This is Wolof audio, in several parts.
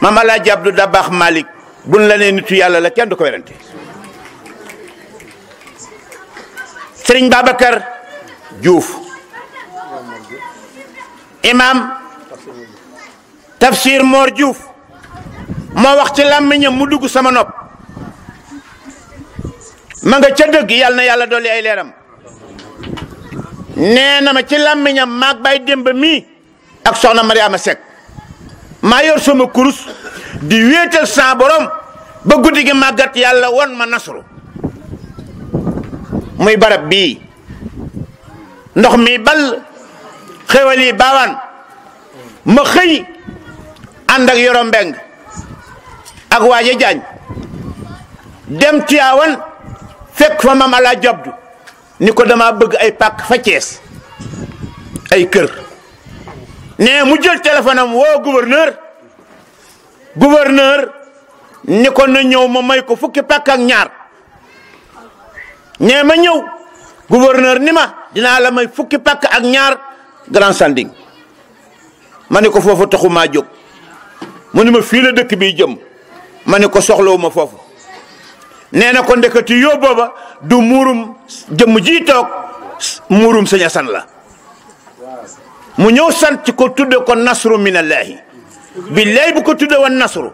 mama la jabdu bax malik buñ la né nitu yalla la kenn du ko wérante serigne babakar diouf imam tafsir mor diouf mo wax ci lamiñam mu dugg sama nop ma nga ca deug yalla yalla doli ay leram nee ma ci lamiñam bay mi ak soxna mariama sek maa yor sama kurus di wéetal saa borom ba guddi gi màggat yàlla won ma nasru muy barab bii ndox mi bal xéwal baawaan ma xëy ànd ak yoro mbeng ak waaja jaañ dem Tiwaawan fekk fa mam alaa jabdu ni ko dama bëgg ay pàkk fa Cees ay kër ne mu jël téléphone am woo gouverneur gouverneur ni ko na ñëw ma may ko fukki pàkk ak ñaar ne ma ñëw gouverneur ni ma dinaa la may fukki pàkk ak ñaar Grand Sanding ma ne ko foofu taxu jóg mu ni ma fii dëkk bi jëm ma ne ko soxlawu ma foofu nee na ko ndekati yoo booba du muurum jëmm ji toog muurum sëñ la mu ñëw sant ko tudde ko nasru minallahi billahi bu ko tudde woon nasru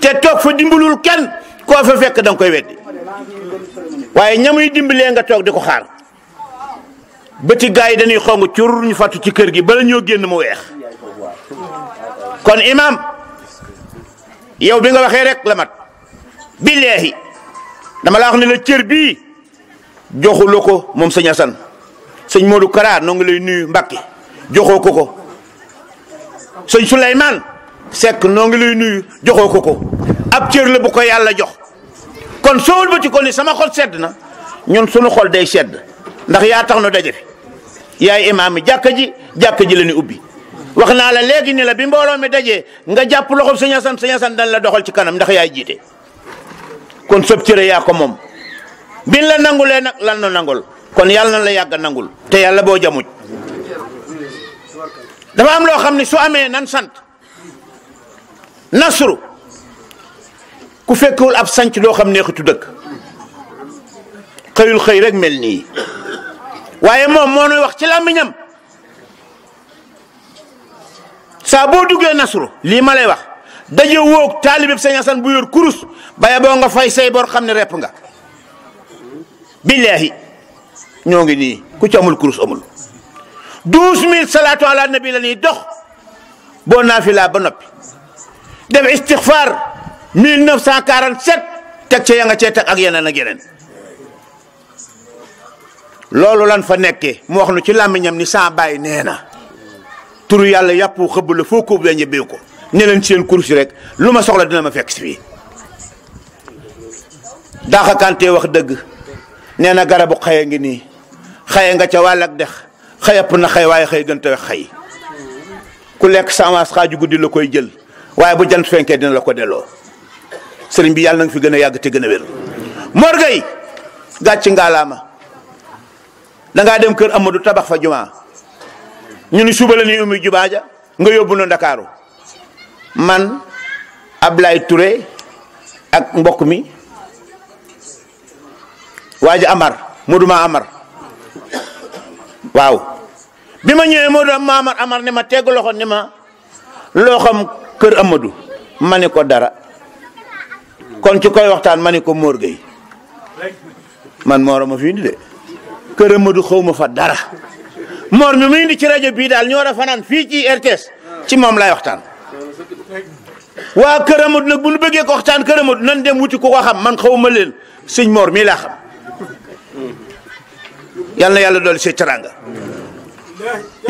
te toog fa dimbalul kenn koo fa fekk da koy weddi waaye ñamuy dimbalee nga toog di ko xaar bëti gars yi dañuy xong cur ñu fàttu ci kër gi bala ñëw génn mu weex kon imam yow bi nga waxee rek lamat mat billahi dama laa wax ne la cër bii joxuloo ko moom sëñ Asan sëñ Modou Kara noo ngi lay nuyu Mbàkke joxoo ko ko sëñ Souleymane Seck noo ngi lay nuyu joxoo ko ko ab cër la bu ko yàlla jox kon sowul ba ci ko ni sama xol sedd na ñun suñu xol day sedd ndax yaa tax nu daje fi yaay imaam yi jàkka ji jàkka ji la ñu ubbi wax naa la léegi ni la bi mbooloo mi dajee nga jàpp loxo sëñ Asan sëñ Asan dañ la doxal ci kanam ndax yaay jiite kon sëb cëre yaa ko moom bin la nangulee nag lan nu nangul kon yàlla na la yàgg nangul te yàlla boo jamuj dafa am loo xam ne su amee nan sant nasuru ku fekkewul ab sanc doo xam neexitu dëkk xëyul xëy rek mel nii waaye moom moo nuy wax ci làmmiñam saa boo duggee nasuru lii ma lay wax daje woog taalibe Sëñ Asan bu yor kurus baye boo nga fay say bor xam ne repp nga billaahi ñoo ngi nii ku ci amul kurus amul douze mille salaatu ala nabi la ñuy dox boo naafilaa ba noppi def istixfar 1947 teg ca ya nga teg ak yeneen ak yeneen loolu lan fa nekkee mu wax nu ci làmmiñam ni saa bàyyi nee na turu yàlla yàppu xëbb la foo ko ubbi ñebbee ko ne leen ci seen kursi rek lu ma soxla dina ma fekk si fii daaxakante wax dëgg nee na garabu xaye ngi nii xaye nga ca wàll ak dex Kaya pun na xëy waaye xëy gën te xëy ku lekk sa avance xaaju guddi la koy jël waaye bu jant fenkee dina la ko delloo sëriñ bi yàlla na nga fi gën a te gën a wér morgay gàcc ngaalaama da ngaa dem kër Amadou tabax fa juma ñu ni suba la nga man Ablaye Touré ak mbokk mi waaja Amar muduma Amar waaw bi ma ñëwee moo doon ma Amar ni ma tegg loxo ni ma loo kër Amadou ma ni ko dara kon ci koy waxtaan ma ni ko Mor Gueye man Mor ma fi indi de kër Amadou xaw ma fa dara Mor mi muy indi ci rajo bii daal ñoo dafa naan fii ci RTS ci moom lay waxtaan. waa kër Amadou na bu nu bëggee ko waxtaan kër Amadou nan dem wuti ko xam man xaw ma leen sëñ moor mii laa xam. yal na yàlla dool see caranga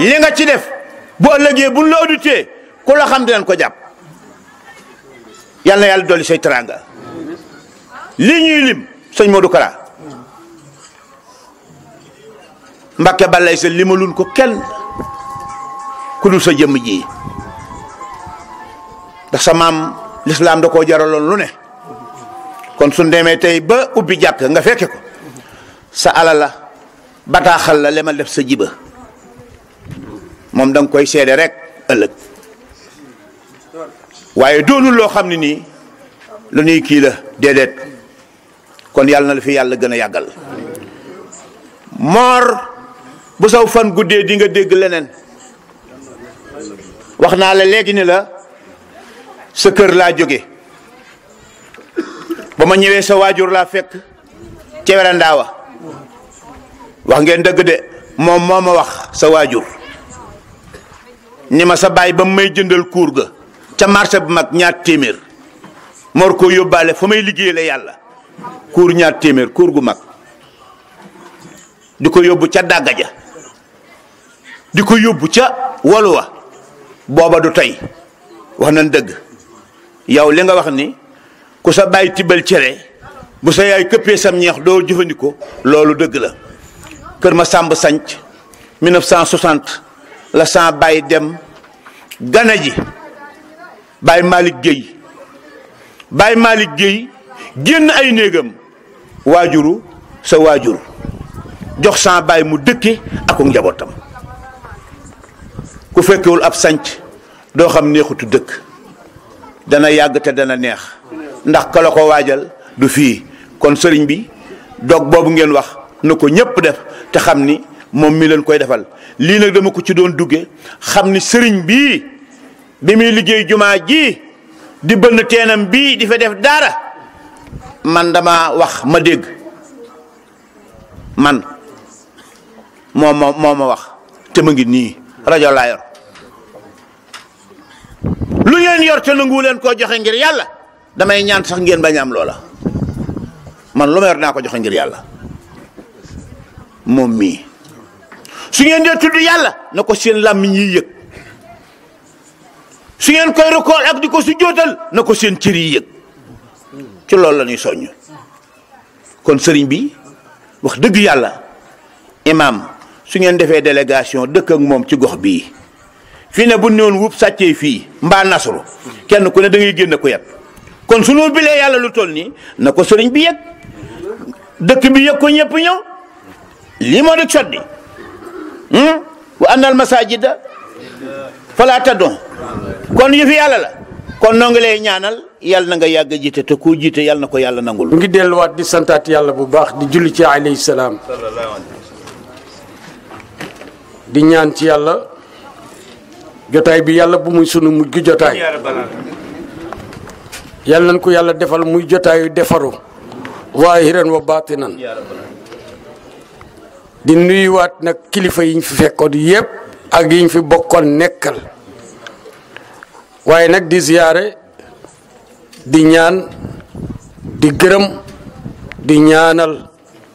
li nga ci def boo ëllëgee bu la audité ku la xam dinañ ko jàpp yal na yàlla dool see caranga li ñuy lim sëñ Modou Kara Mbacke Balaye sa limalun ko kenn ku sa jëm ji ndax sa maam lislaam da koo lu ne kon suñ demee tey ba ubbi jàkk nga fekke ko sa alala bataaxal la lemal def sa jiba moom danga koy seede rek ëllëg waaye doonul loo xam ne nii lu kii la déedéet kon yàlla na la fi yàlla gën a yàggal moor bu saw fan guddee di nga dégg leneen wax naa la léegi ni la sa kër laa jóge ba ma ñëwee sa waajur laa fekk ca werandaawa wax ngeen dëgg de moom moo ma wax sa waajur ni ma sa baay ba mu may jëndal kuur ga ca marché bu mag ñaar téeméer mor koo yóbbaale fa may liggéeyale yàlla kuur ñaar téeméer kuur gu mag di ko yóbbu ca dàgga ja di ko yóbbu ca waluwa booba du tey wax nañ dëgg yow li nga wax ni ku sa baay tibbal cere bu sa yaay këppee sam ñeex doo jëfandikoo loolu dëgg la kër ma sàmb sanc 1960 la sant Baye dem gana ji Baye Malick Guèye Baye Malick Guèye génn ay néegam waajuru sa waajur jox sant Baye mu dëkke ak njabootam ku fekkewul ab sanc doo xam neexutu dëkk dana yàgg te dana neex ndax kala ko waajal du fii kon sëriñ bi dog boobu ngeen wax na ko ñëpp def te xam ni moom mi leen koy defal lii nag dama ko ci doon ni sëriñ bi demi liggéey juma ji di bënn teenam bi, di fa def dara man dama wax ma dégg man moo ma moo ma wax te ma ngi nii rajo laa yor lu ngeen yor te nangu leen koo joxe ngir yàlla damay ñaan sax ngeen bañ am man lu ma yor naa ko joxe ngir moom mii su ngeen dee tudd yàlla na ko seen làmmiñ yi yëg su ngeen koy rekool ak di ko si jootal na ko seen cër yi yëg ci loolu la ñuy soññ kon sëriñ bi wax dëgg yàlla imaam su ngeen defee délégation dëkk ak moom ci gox bii fii ne bu néewoon wub sàccee fii mbaa nasru kenn ku ne da ngay génn ko yet kon su ñu bilee yàlla lu toll nii na ko sëriñ bi yëg dëkk bi yëg ko ñëpp ñëw lii moo di coddi hmm? wa anna al masajida fala tadon kon yëfi yàlla la kon noo ngi lay ñaanal yàlla na nga yàgg jiite te ku jiite yàlla na ko yàlla nangul mu ngi delluwaat di santaat yàlla bu baax di julli ci alayhi salaam di ñaan ci yàlla jotaay bi yàlla bu muy sunu mujj jotaay yàlla nañ ko yàlla defal muy jotaayu defaru waahiran wa baatinan di nuyuwaat nag kilifa yiñ fi fekkoon yépp ak yiñ fi bokkoon nekkal waaye nag di ziyaare di ñaan di gërëm di ñaanal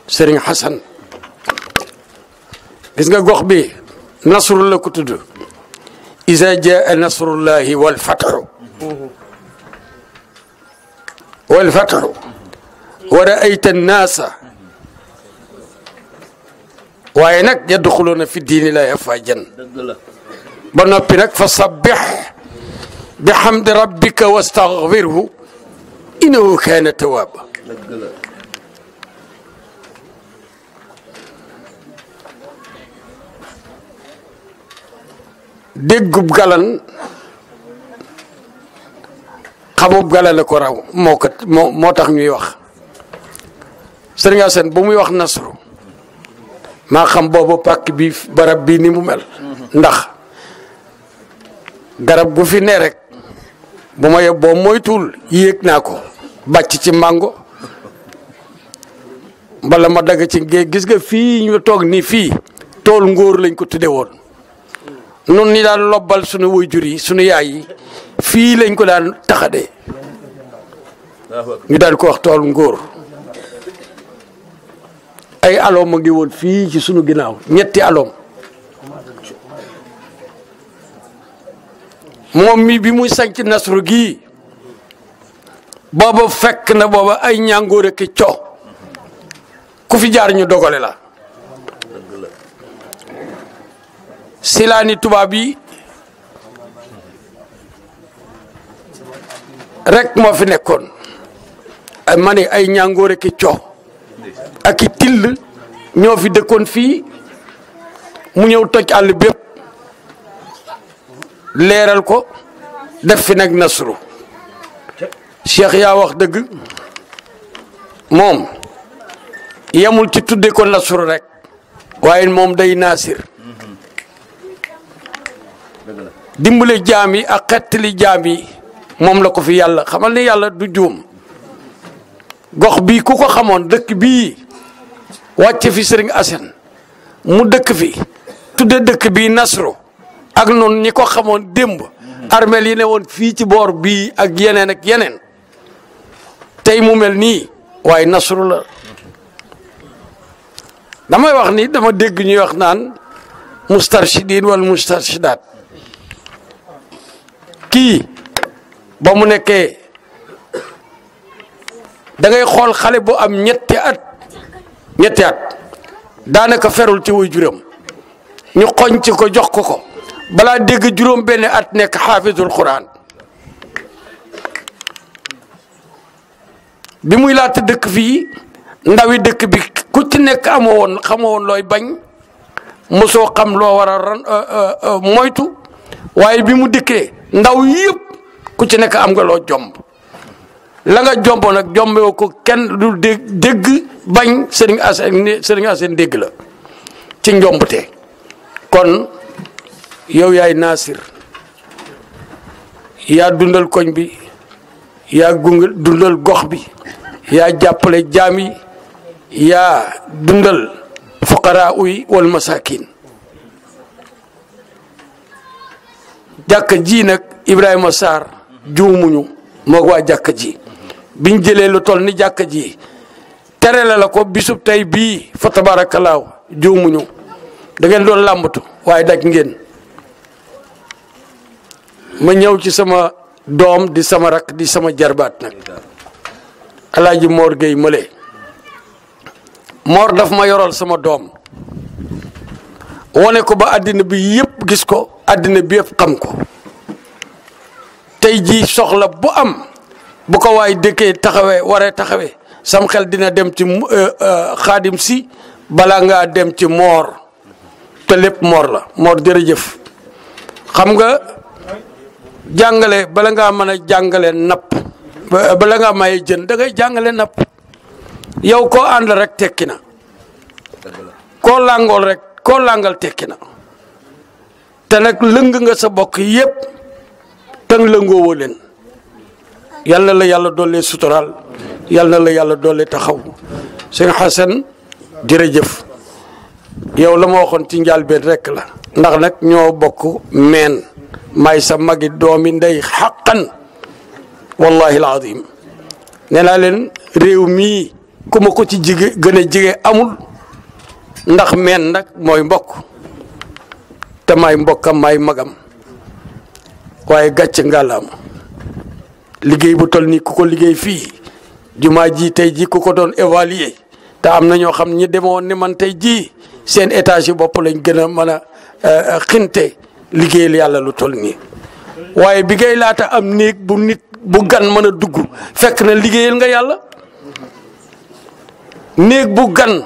Serigne Hassan gis nga gox bi nasru la ko tudd isa jaa nasrullahi wal fatxu wal fatxu wa raayta annaasa وينك يدخلون في الدين لا افاجا بنبينك فسبح بحمد ربك واستغفره انه كان توابا دق بقلن خمو بقلن كراو موكت ميوخ سرنجا سن بومي وخ maa xam boobu pàkk bi barab bii ni mu mel ndax garab bu fi nee rek bu ma yóbboo moytuwul yéeg naa ko bàcc ci màngo bala ma dagg ci gis nga fii ñu toog nii fii tool ngóor lañ ko tudde woon nun ni daan lobbal sunu waajur yi sunu yaay yi fii lañ ko daan taxade ñu daan ko wax tool ngóor ay aloom a ngi woon fii ci sunu ginnaaw ñetti aloom moom mi bi muy sanc nasru gii booba fekk na booba ay ñàngoor ak co ku fi jaar ñu dogale la silaani tubaab yi rek moo fi nekkoon ma ne ay ñàngoor ak co ak i till ñoo fi dëkkoon fii mu ñëw toj àll bépp leeral ko def fi nag nasru cheikh yaa wax dëgg moom yamul ci tudde ko nasru rekk waaye moom day naasir dimbale jaam yi ak xettali jaam yi moom la ko fi yàlla xamal ne yàlla du juum gox bii ku ko xamoon dëkk bii wàcc fi sëriñ Assane mu dëkk fi tudde dëkk bii Nasru ak noonu ñi ko xamoon démb armel yi ne woon fii ci boor bii ak yeneen ak yeneen tey mu mel nii waaye Nasru la damay wax nii dama dégg ñuy wax naan mustarshidin wala mustarshidaat kii ba mu nekkee da ngay xool xale bu am ñetti at ñetti at daanaka ferul ci juróom ñu xoñ ci ko jox ko ko balaa dégg juróom benn at nekk xaafisul quran bi muy laata dëkk fii ndawi dëkk bi ku ci nekk amoo woon xamoo woon looy bañ mosoo xam loo war a ran euh, euh, euh, moytu waaye bi mu dikkee ndaw yëpp ku ci nekk am nga loo jomb la nga jombo nag jomboo ko kenn du dé dégg bañ sëriñ Assane sëriñ ci njombte kon yow yaay naasir yaa dundal koñ bi yaa gungal dundal gox bi yaa jàppale jaam yi yaa dundal fuqaraa uy wal masaakin jàkka ji nag Ibrahima Sarr juumuñu moog waa jàkka ji biñ jëlee lu toll ni jàkka ji tere la la ko bisub tey bii fa tabaarakalaaw juumuñu da ngeen doon làmbatu waaye daj ngeen ma ñëw ci sama doom di sama rakk di sama jarbaat nag alaaji Mor Gueye Mële moor daf ma yorol sama doom wone ko ba àddina bi yépp gis ko àddina bi yëpp xam ko tey ji soxla bu am bu ko waay dëkkee taxawee waree taxawe sam xel dina dem ci euh, euh, xaadim si balaa ngaa dem ci moor te lépp moor la moor jërëjëf xam nga jàngale bala ngaa mën jàngale napp bala ngaa maye jën da ngay jàngale napp yow koo ànd rek tekki na koo làngool rek koo langal tekki na te nag lëng nga sa bokk yépp te lëngoowoo leen yàlla la yàlla doole suturaal na la yàlla doole taxaw sëñ Xasan jërëjëf yow la ma waxoon ci njàlbeen rek la ndax nag ñoo bokk meen may sa magi doomi ndey xaqan wallahi alazim nee naa leen réew mii ku ko ci jige gën a jige amul ndax meen nag mooy mbokk te may mbokkam may magam waaye gàcc ngàllaama liggéey bu tol nii ku ko liggéey fii jumaa ji tey ji ku ko doon évaluer te am na ñoo xam ñi demoon ne man tey jii seen étage yi bopp lañ gën a mën a euh, xinte liggéeyal yàlla lu tol nii waaye bi gay laata am néeg bu nit bu gan mën a dugg fekk na liggéeyal nga yàlla néeg bu gan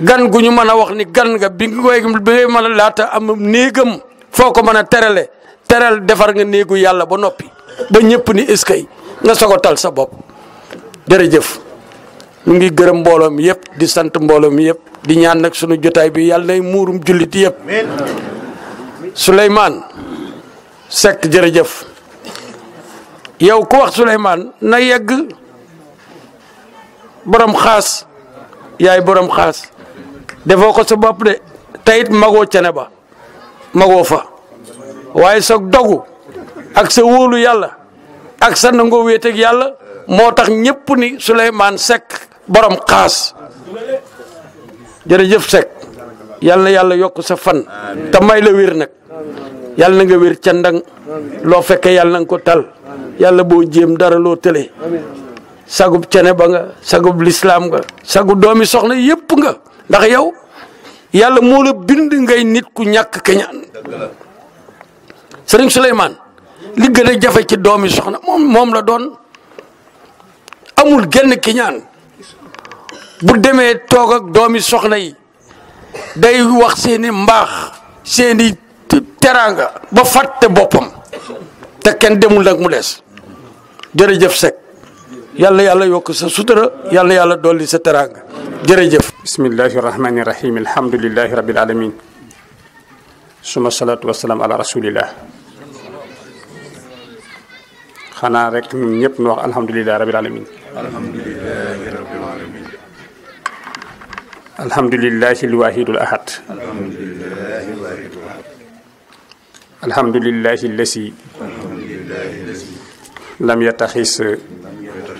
gan gu ñu mën a wax ni gan nga bi ngay bi a laata am néegam foo ko mën a terale teral defar nga néegu yàlla ba noppi ba ñepp ni eskay nga sogotal sa dere jëf ñu ngi gërëm mbolom yépp dinyanak di sant mbolom yépp di ñaan nak sunu jotaay bi lay murum julit yépp Sulaiman Sek Seck jëf yow ku wax Souleymane na yegg borom xaas yaay borom xaas defo ko sa bop de tayit ci ne ba mago fa waye sok dogu ak sa wolu yalla ak sa nango wete ak yalla motax ñepp ni suleyman sek borom khas jere jef sek yalla yalla yok sa fan ta may la wir nak yalla nga wir ci ndang lo fekkee yalla nang ko tal yalla bo jëm dara lo tele sagub cene ba nga sagub l'islam nga sagu domi soxna yep nga ndax yow yalla mo la bind ngay nit ku ñak kenya serigne Souleymane li gën a jafe ci doomi soxna moom moom la doon amul genn kiñaan bu demee toog ak doomi soxna yi day wax seeni mbaax seeni teraanga ba fàtte boppam te kenn demul nag mu des jërëjëf Seck yàlla yàlla yokk sa sutura yàlla yàlla dolli sa teraanga jërëjëf bismillahi rahmani rahim alhamdulillahi rabbil alamin suma salaatu wasalaam ala rasulillah الحمد لله رب العالمين الحمد لله رب الواحد الاحد الحمد لله الذي لم يتخس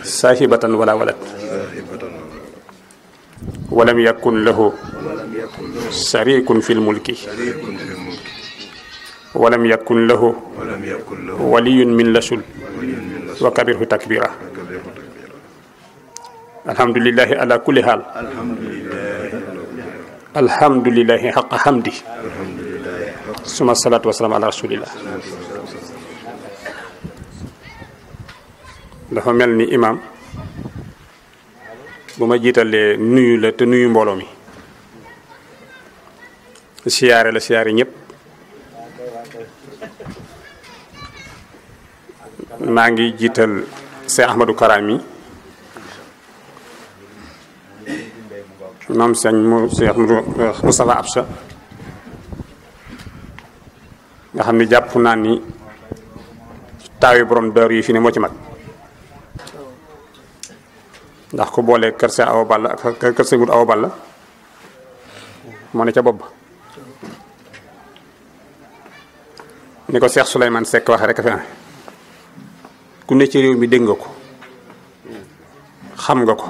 صاحبة ولا ولد ولم يكن له شريك في الملك ولم يكن له ولي من لسل وكبره تكبيرا الحمد لله على كل حال الحمد لله حق حمدي ثم الصلاة والسلام على رسول الله dafa mel ni imam bu ma jiitalee nuyu la te nuyu mbooloo mi siyaare la siyaare ñëpp maa ngi jiital Cheikh Ahmadou Karami moom sëñ mu Cheikh Moustapha Absa nga xam ni jàpp naa ni taawi borom dër yi fi ne moo ci mag ndax ku boole kër sa awa balla ak kër sa wut awa balla moo ne ca bopp ni ko Cheikh Souleymane Seck waxe rek a fi amee ku ne ci réew mi dégg nga ko xam nga ko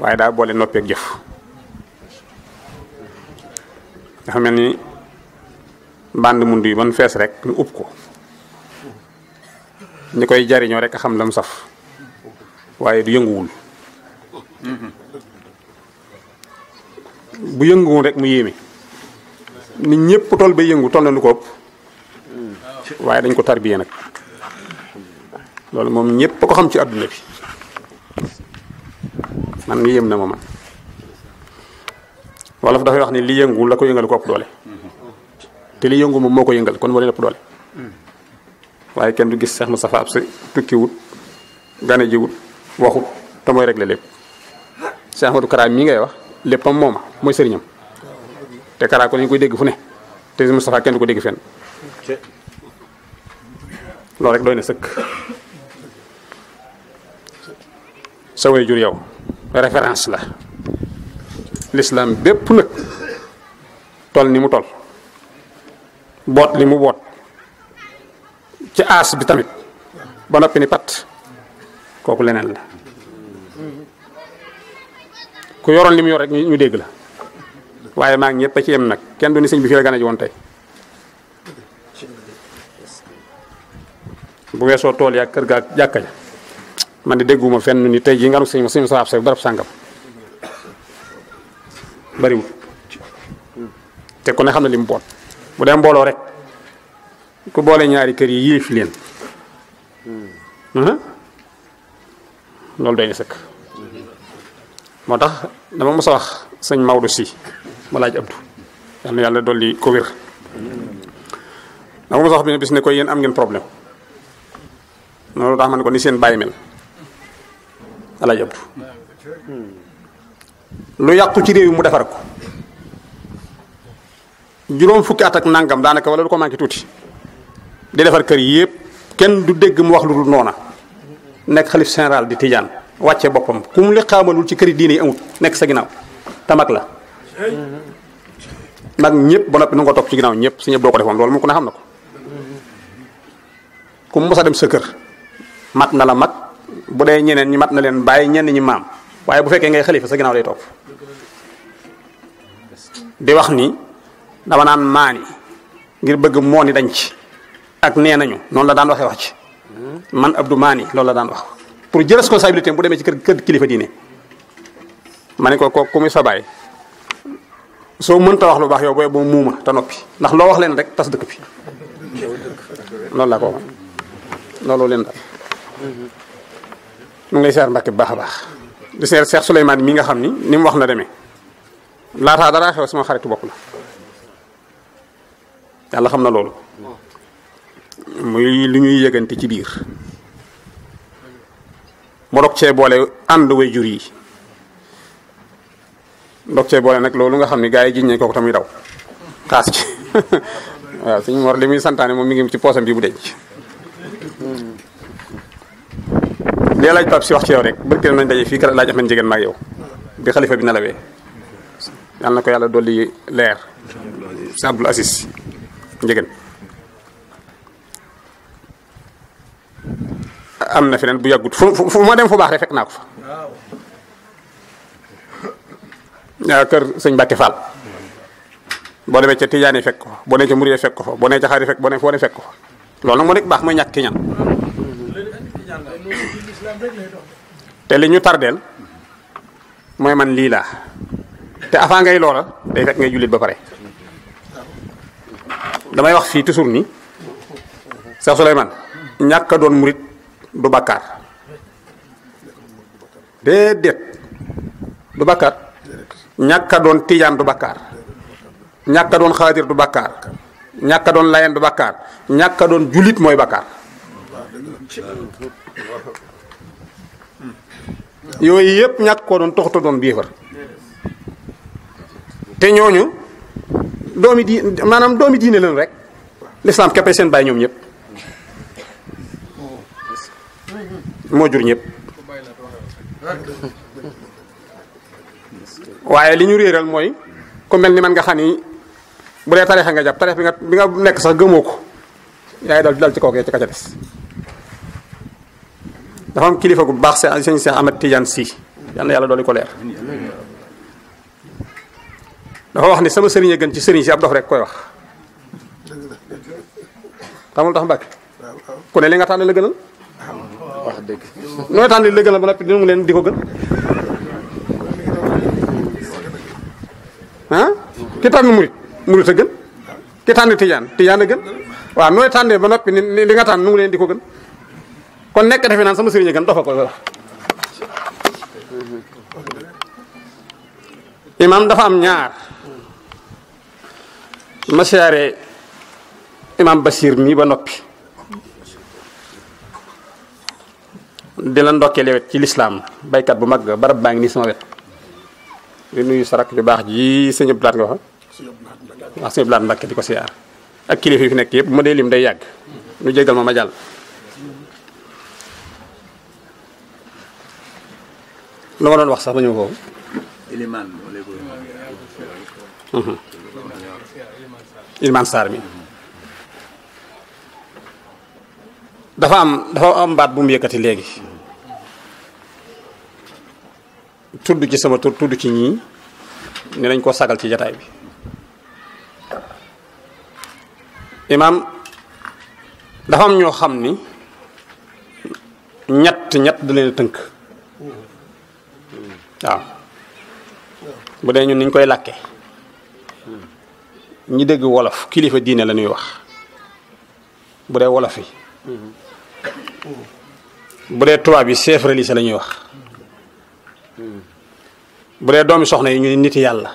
waaye daa boole noppeek jëf dafa mel ni bande mund yi man fees rek ñu upp ko ñu koy jariñoo rek a xam lam saf waaye du yënguwul bu yënguwul rek mu yéeme nit ñëpp toll ba yëngu toll na ko ëpp waaye dañ ko tarbiye nag loolu moom ñëpp ko xam ci àdduna bi man yéem na ma man wolof dafay wax ni li yëngu la ko yëngal ko ëpp doole te li yëngu moom moo ko yëngal kon moo leen ëpp doole waaye kenn du gis Seex Mustafaa ab sa tukkiwut gane jiwut waxut te mooy régler lépp Seex Ahmadu Kara mii ngay wax léppam mooma mooy sëriñam te Kara ko nañu koy dégg fu ne te Mustafaa kenn du ko dégg fenn loolu rek doy na sëkk sa jur yow référence la l'islam bépp nag tol ni mu tol boot li mu boot ci as bi tamit ba noppi ni pat kooku leneen la ku yoroon li mu yor rek ñu dégg la waaye maa ngi ñëpp a ci yem nag kenn du ni sëñ bi fii la gane ji tey bu weesoo tool yaa kër gaa jàkka ja man de dégguma fenn ni tey jii nga nu sëñ ma sëñ ma sawaab say barab sàngam bariwul te ku ne xam ne li mu boot bu dee mbooloo rek ku boole ñaari kër yi yéef leen loolu doy na sëkk moo tax dama mos a wax sëñ Maodo si ma laaj Abdou yal na yàlla dolli ko wér dama mos a wax bi ne bis ne ko yéen am ngeen problème loolu tax man ko ni seen bàyyi mel alaaj Abdu hmm. lu yàqu ci réew yi mu defar ko juróom fukki at ak nangam daanaka wala lu ko manqué tuuti di defar kër yépp kenn du dégg mu wax lu dul noona nekk xalif général di Tijaan wàcce boppam ku mu li xaamalul ci këri diine yi amut nekk sa ginnaaw te mag la mag ñëpp ba noppi nu nga ko topp ci ginnaaw ñëpp su ñëpp doo ko defoon loolu moom ku ne xam na ko ku mu a dem sa kër mat na la mag bu dee ñeneen ñi mat na leen bàyyi ñenn ñi maam waaye bu fekkee ngay xalifa sa ginaaw lay topp di wax ni dama naan maani ngir bëgg moo ni dañ ci ak nee nañu noonu la daan waxee wax ci man abdou maani loolu la daan wax pour jël responsabilité bu demee ci kër kër kilifa diine ma ne ko ko ku muy sa bàyyi soo mënta wax lu baax yow booy boo muuma te noppi ndax loo wax leen rek tas dëkk bi loolu la ko loolu leen daal mu ngi lay siyaar bu baax a baax di siyaar Cheikh Souleymane mi nga xam ni ni mu wax na demee laataa dara xew sama xaritu bopp la yàlla xam na loolu muy lu ñuy yëgante ci biir mu dog cee boole ànd way jur yi dog cee boole nag loolu nga xam ni gars yi jiñ nañ kooku tamuy daw xaas ci waaw suñu mor li muy santaane moom mi ngi ci poosam bi bu denc li laaj Pape si wax ci yow rek barke nañ daje fi kër laaj am nañ jigéen ma bi xalifa bi nelawee yal na ko yàlla dool dolli leer si Abdul Asis am na feneen bu yàggut fu fu ma dem fu baax rek fekk naa ko fa waaw kër sëñ Mbàkke Fall boo demee ca Tijaani fekk ko boo demee ca Muride fekk ko fa boo demee ca Xaari fekk boo demee foo ne fekk ko fa nag moo nekk baax mooy ñàkk ki ñan te li ñu tardel moy man li la te afa ngay loola day fek ngay julit ba pare damay wax fi toujours ni cheikh souleyman ñaka doon mourid du bàkkaar déedéet du bakkar ñaka doon tidiane du bakkar ñaka doon khadir du bakkar ñaka doon layen du bakkar ñaka doon julit moy bakkar yoy yep ñak koron don toxto don biifar te ñooñu doomi di manam doomi diine lañ rek l'islam keppe seen bay ñoom ñep mo jur ñep waye li ñu réeral moy ku melni man nga xani bu dee tarixa nga japp tarix bi nga bi nga nekk sax gëmoko yaay dal dal ci ge ci ka ca des dafa am kilifa gu baax seen sëñ Cheikh Ahmed Tidiane Sy yal na yàlla dooli ko leer dafa wax ni sama sëriñ a gën ci sëriñ si ab dof rek koy wax xamul tax mbàkke ku li nga tànn la gënal wax dëgg nooy tànn la gënal ba noppi dina mu leen di ko gën ah ki tànn murit murit a gën ki tànn tijaan tijaan a gën waaw nooy tànnee ba noppi ni li nga tànn nu ngi leen di ko gën kon nek defe naan sama serigne gan Imam dofa ko Imam imaam dafa am ñaar ma siyaare Basir mi ba nopi di la ndokkeel wet ci lislaam baykat bu mag barab bang ni sama wet di nuyu sarak ju ji seigne Abdoulaat nga wax seigne Mbacke diko siar ak kilifi fi nek yeb day yag nu jegal ma ma lu ma doon wax sax ba ñu ko. Iliman Iliman mi dafa am dafa am mbaat bu mu yëkkati léegi. tudd ci sama tudd ci ñii ne nañ koo sagal ci jataay bi imaam dafa am ñoo xam ni ñett ñett da leen tënk waaw bu dee ñun niñ koy lakke ñi dégg wolof kilifa diine la ñuy wax bu dee wolof yi bu dee tubaab yi chef religieux la ñuy wax bu dee doomi soxna yi ñu nit yàlla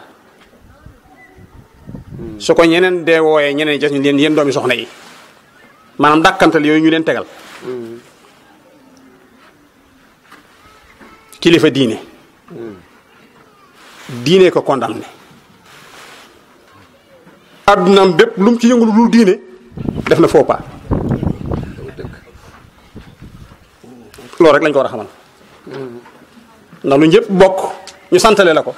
su ko ñeneen dee wooyee ñeneen des ñu leen yéen doomi soxna yi maanaam dàkkantal yooyu ñu leen tegal mm. kilifa diine diine ko condamné addunaam bépp lu mu ci yëngu lu diine def na faux pas loolu rek lañ ko war a xamal ndax lu ñëpp bokk ñu santale la ko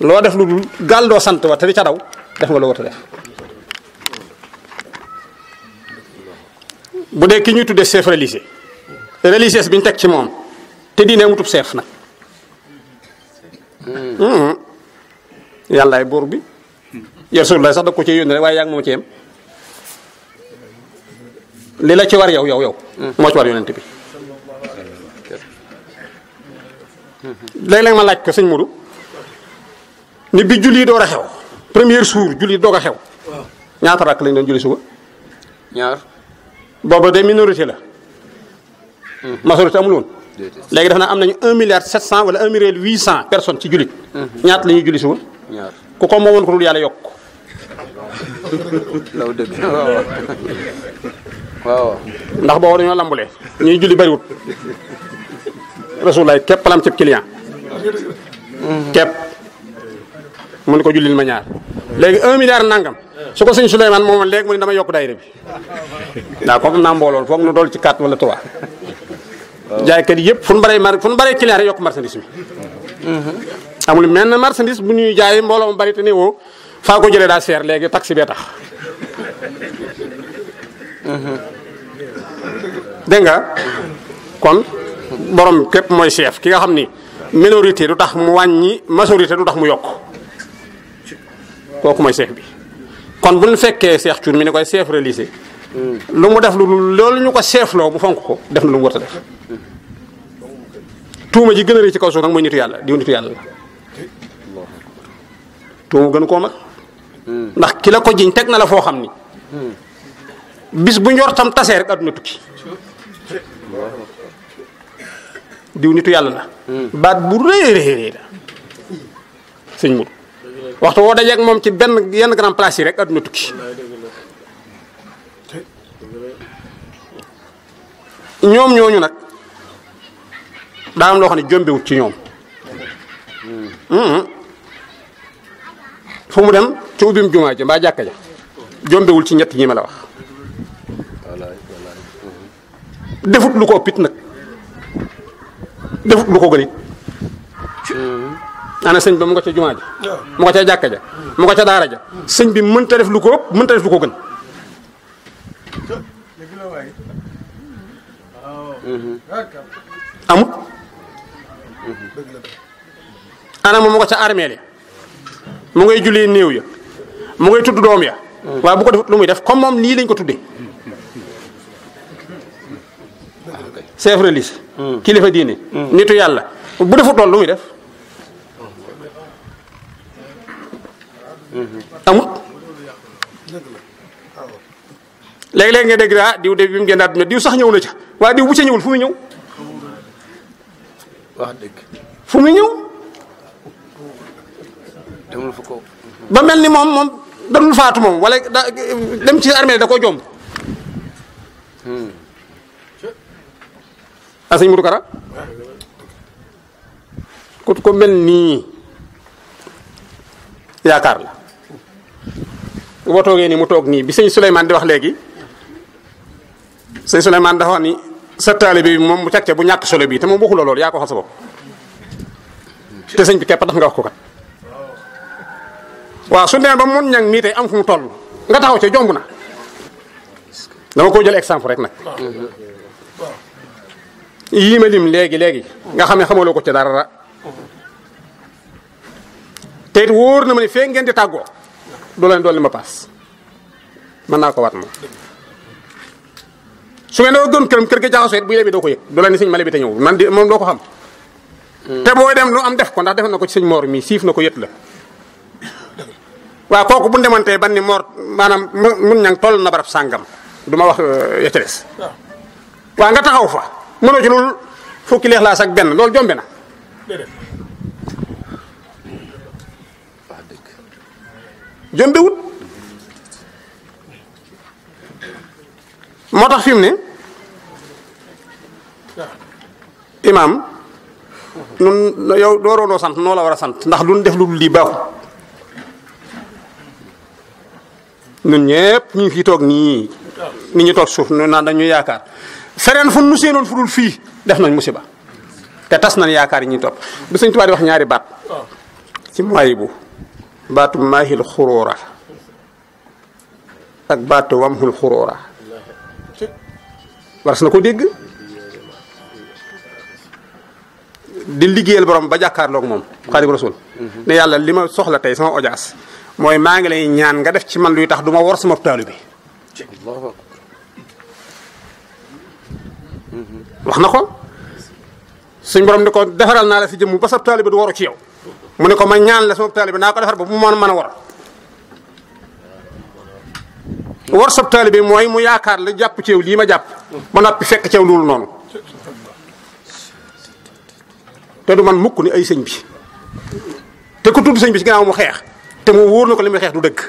loo def lu dul gaal doo sant wa te di ca daw def nga loo war a def bu dee ki ñuy tuddee chef religieux religieuse bi ñu teg ci moom te diine mutub chef nag Hmm. yàllaay buur bi Rasulullah sax da ko ci yónni rek waaye yaa ngi moom ci yem li la ci war yow yow yow hmm. moo ci war yonent bi léeg-léeg ma laaj ko sëñ Modou ni bi julli door a xew premier jour julli doog a xew ñaata rakk lañ doon julli suba ñaar booba de minorité la hmm. majorité amul woon léegi def naa am nañu un milliard 700 wala 1 milliard 800 personnes ci jullit. Uh-huh. ñaata la ñuy julli suba. ñaar ku ko moomoon ko dul yàlla yokk. law dëgg waaw waaw. ndax boo dañoo lambule ñuy julli bariwut rasulaay képp lam cib client. Uh-huh. képp mu ne ko jullil ma ñaar léegi 1 milliard nangam. su ko sëñ Souleymane moomoon léegi mu ne dama yokk daayira bi. daa ko am naa mbooloon foog nu dool ci 4 wala 3. jaaykat yëpp fu ñu baree mar fu ñu baree client rek yokk marchandise bi. Mhm. amul menn marchandise bu ñuy jaayee mbooloo mu bari te ne woo faa ko jëlee daa seer léegi taxi bee tax. Mhm. dégg nga kon borom képp mooy chef ki nga xam ni minorité du tax mu wàññi majorité du tax mu yokk kooku mooy chef bi kon bu ñu fekkee Cheikh Thioune mi ne koy chef réalisé. lu mu def lu lolou ñuko ko seefloo mu fonk ko def na lu mu def tuuma ji gëna a ci kaw suuf nak moy nitu yalla di nitu yalla gën ko nak ndax ki la ko jiñ tek na la fo xamni ni bis bu tam tasee rek aduna tukki di nitu yalla la baat bu rëy rëy rëy la señ mu waxtu ak mom ci ben yenn grand place rek aduna tukki ñoom ñooñu nag daa am loo xam jombewut ci ñoom hmm. fu mu dem ci ubbim jumaa ja mbaa jàkka ja jombewul ci ñett ñi ma la wax defut lu ko nag defut lu ko gënit hmm. ana sëñ ba mu nga ca jumaa mu nga ca jàkka ja mu nga ca daara ja sëñ bi mënta def lu mënta def lu ko gën Mm-hmm. amut mm-hmm. ana moom mu nga ca armeel ya mu ngay jullee néew ya mu ngay tudd doom ya mm-hmm. waaye bu ko defut lu muy def comme moom nii lañ ko tuddee chef religieux kilifa diine nitu yàlla bu defut loolu lu muy def amut léeg-léeg nga dégg ah diw de bi mu génn àdduna diw sax ñëw na ca waaye diw bu ca ñëwul fu muy ñëw. fu muy ñëw. demul fa ko. ba mel ni moom moom demul faatu moom wala dem ci armée da koo jomb. Hmm. ah sëñ Mourou Kara. ku ko mel nii yaakaar la. boo toogee nii mu toog nii bi sëñ Souleymane di wax léegi. sëñ Souleymane dafa wax ni sa taalibe bi moom bu càcce bu ñàkk solo bii te moom waxuloo loolu yaa ko wax te sëñ bi képp daf nga wax ko kat waaw su neen ba mun ñang nii tey am fu mu toll nga taxaw ca jomb na dama ko jël exemple rek nag yii ma lim léegi léegi nga xam ne xamaloo ko ca dara te it wóor na ma ne fee ngeen di tàggoo du leen doon li ma paas mën naa ko wat moom su ngeen gën kërëm kër gi jaxasoo it bu yebi do ko yëg du la ni sëñ male bi te ñëw man di moom doo ko xam hmm. te boy dem lu am def ko ndax def na ko ci señ mor mi siif na ko yët la waaw kooku bu demantee ban ni mor maanaam mun ñang toll na barab sàngam du ma wax euh, ya ca ah. waaw nga taxaw fa mënoo ci loolu fukki leexlaas ak benn loolu jombe na jombe wut moo tax fi mu ne imaam nun yow dooroo noo sant noo la war a sant ndax lu ñu def lu dul lii baaxul ñun ñëpp ñu ngi fi toog nii ni ñu toog suuf ñu naan dañuy yaakaar feneen fu nu seenoon fu dul fii def nañ mu musiba te tas nan yaakaar yi ñuy topp bu Sëñ Tuubaa di wax ñaari baat ci mayibu baatu maahil xuróora ak baatu wamhul xuróora waras nako deg di liggéeyal borom ba jakarlo ak mom khadim rasul mhm. ne yalla lima soxla tay sama audience moy ma ngi lay ñaan nga def ci man luy tax duma ma war sama taalu mhm. wax nako suñ borom ne ko defaral naa la fi jëm ba sa taalu du waru ci yow mu ne ko ma ñaan la sama taalu na ko defar ba bu ma mën a war war sa taalibe moy mu yaakar la japp ci yow lii ma jàpp ba noppi fekk cew ndul noonu te du man mukk ni ay sëñ bi te ku tudd sëñ bi ci ginnaaw mu xeex te mu wóor na ko li muy xeex du dëkk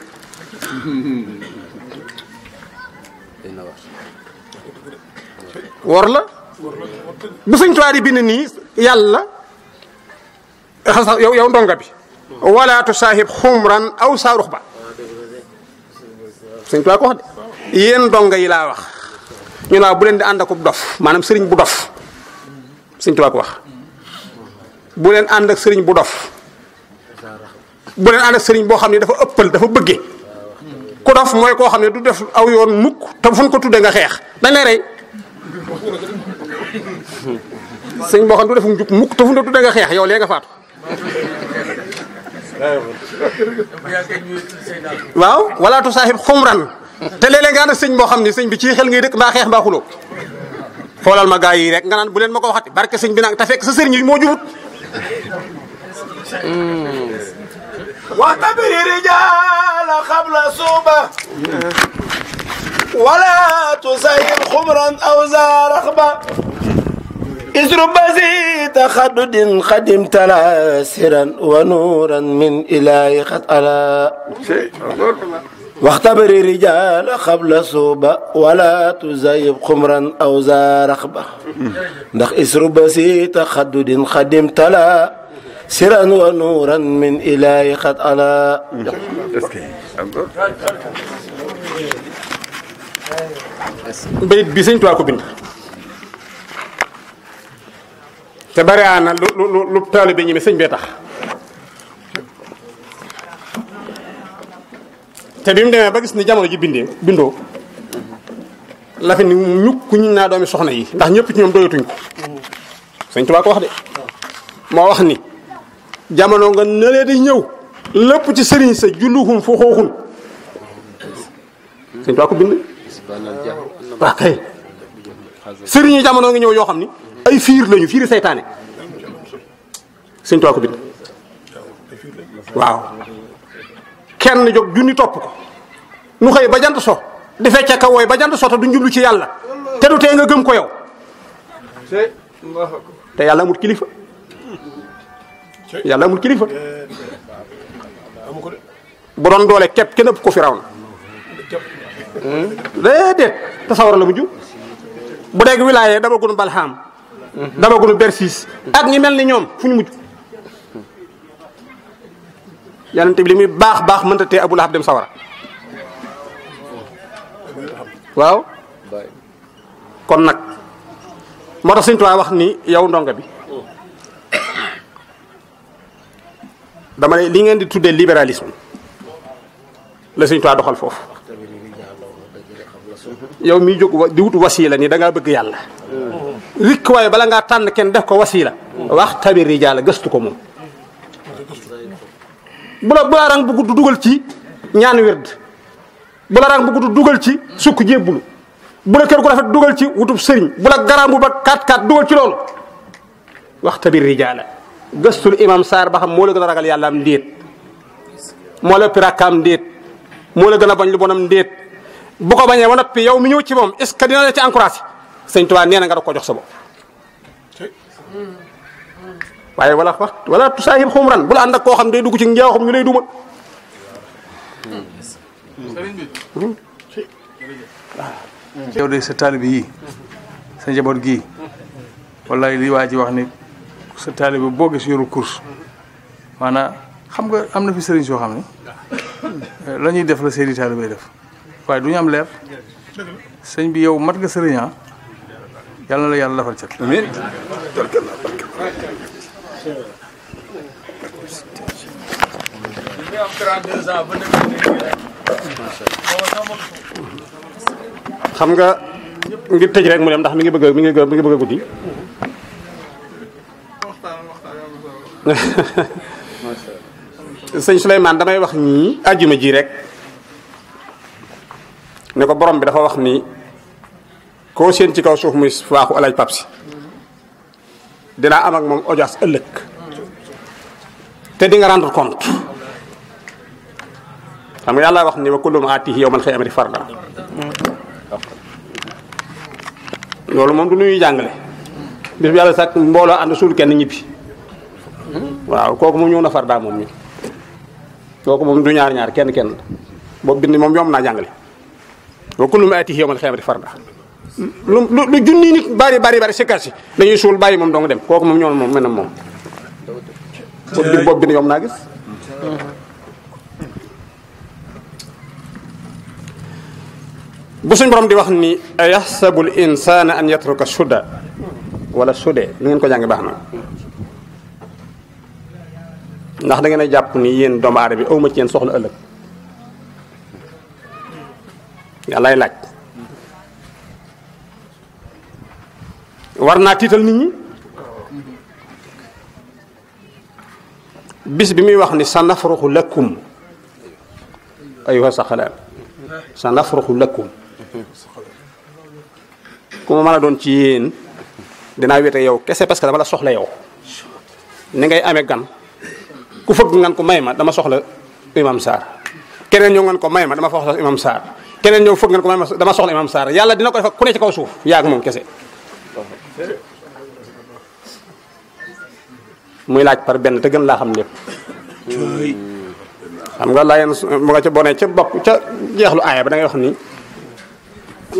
war la bu sëñ tuwaar yi bind nii yàlla xasa yow yow ndonga bi wala tu saahib xumran aw sa ruxba sëñ tuwaar ko de yéen ndonga yi laa wax ñu la bu len di and ak dof manam serigne bu dof serigne tuba ko wax bu len and ak serigne bu dof bu len and ak serigne bo xamni dafa eppal dafa bëgge ku dof moy ko xamni du def aw yoon mukk ta fuñ ko tudde nga xex dañ lay rey serigne bo xam du def mukk mukk ta fuñ ko tudde nga xex yow lega faatu waaw wala tu sahib khumran te léeg-léeg nga na sëñ boo xamni sëñ bi ci xel ngay dëkk mbaa xex mbaa xulo folal ma gaay yi rek nga nan bu len mako waxati barke sëñ bi nak ta fekk sa sëriñ bi moo jubut waxtabiri rijaala xabla suuba wala tusayir xumran aw zaaraxba isru basi taxadudin xadim tala siran wa nuuran min ilaahi xat ala واختبر الرجال قبل صوبة ولا تزيب خمرا أو ذا رخبة ndax isru بسيط تخدد خدم تلا سرا ونورا من إله قد ألا bayit bi sëñ Tuubaa ko bind te bari na lu lu lu taalibe ñi mi sëñ bee tax te bi mu demee ba gis ni jamono ji bindee bindoo la ni ñukk ñu naa doomi soxna yi ndax ñëpp ci ñoom doyatuñ ko sëñ Tuubaa wax de moo wax ni jamono nga nëlee ñëw lépp ci sëriñ sa julluhum foo xooxun sëñ Tuubaa ko bind waa kay jamono nga ñëw yoo xam ni ay fiir lañu fiiri bind waaw kenn jóg junni topp ko nu xëy ba jant so di fecce ka woy ba jant so te duñ jublu ci yàlla te du tee nga gëm ko yow te yàlla amul kilifa yàlla amul kilifa bu doon doole képp kenn ëpp ko firaw na hmm? déedéet tasawara la mujj bu dégg wilaaye dama gunu balxaam hmm. dama gunu bersis ak ñi mel ni ñoom fu ñu mujj yonent bi limi bax bax mën ta tee Abu Lahab dem sawara waaw kon nag moo tax Sëñ wax ni yow ndonga bi dama ne li ngeen di tuddee libéralisme la Sëñ Tuubaa doxal foofu yow mi jóg di wut wasiila ni da ngaa bëgg yàlla rikk waaye bala ngaa tànn kenn def ko wasiila wax tabi gëstu ko moom bu la bu la rang bu gudd dugal ci ñaan wird bu la rang bu gudd dugal ci sukk jébbulu bu la kër gu rafet dugal ci wutub sëriñ bu la bu ba kaat kaat dugal ci lool waxta bi rijaala gëstul imam saar ba xam moo la gën a ragal yàlla am ndéet moo la ëpp rakkaam ndéet moo la gën a bañ lu bonam ndéet bu ko bañee ba noppi yow mi ñëw ci moom est ce que dina la ci encouragé sëñ Tuubaa nee na nga da ko jox sa bo waaye wala wax wala tusaahib xumran bu la ànd ak koo xam day dugg ci njaaxum ñu lay duma. yow de sa taalibe yii sa njaboot gii wallaay li waa ji wax ni sa taalibe boo gis yoru course maanaam xam nga am na fi sëriñ soo xam ne lañuy def la seeni taalibe def waaye du ñu am leer sëñ bi yow mat nga sëriñaa ah, yàlla na la yàlla defal cat xam nga ngi tëj rek mu dem ndax mi ngi bëgg mi ngi mi ngi bëgg a guddi sëñ Souleymane damay wax ni aljuma ji rek ne ko borom bi dafa wax ni ko seen ci kaw suuf muy waxu alay papsi dina am ak mom audience ëllëg te di nga rendre compte xam nga yàlla wax ni wa kullum aatihi yawmal qiyaamati farda loolu moom du lu ñuy jàngale bis bu yàlla sàkk mbooloo ànd suul kenn ñibbi waaw kooku mu ñëw na farda moom ñi kooku moom du ñaar ñaar kenn kenn boobu bind moom yomb naa jàngale wa kullum aatihi yawmal qiyaamati farda lu lu junni nit bari bari bari si kasi dañuy suul bàyyi moom dong dem kooku moom ñoo moom mel na moom. boobu bind yomb naa gis. bu suñ borom di wax ni ayahsabul insana an yatruka shuda wala shude ni ngeen ko Nah baax na ndax da ngeen japp ni yeen doomu aada bi awma ci yeen soxla laaj nit ñi bis bi muy wax ni sanafruhu lakum ayuha sakhalan sanafruhu lakum ku ma mën a doon ci yéen dinaa wéete yow kese parce que dama la soxla yow ni ngay amee gan ku fëgg ngan ko may ma dama soxla imam Sarr keneen ñëw ngan ko may ma dama soxla imam Sarr keneen ñëw fëgg dama soxla imam Sarr yàlla dina ko def ku ne ci kaw suuf yaa ak moom kese muy laaj par benn te gën laa xam lépp xam nga laayeen mu nga ca bone ca bopp ca jeexlu aaya ba da ngay wax ni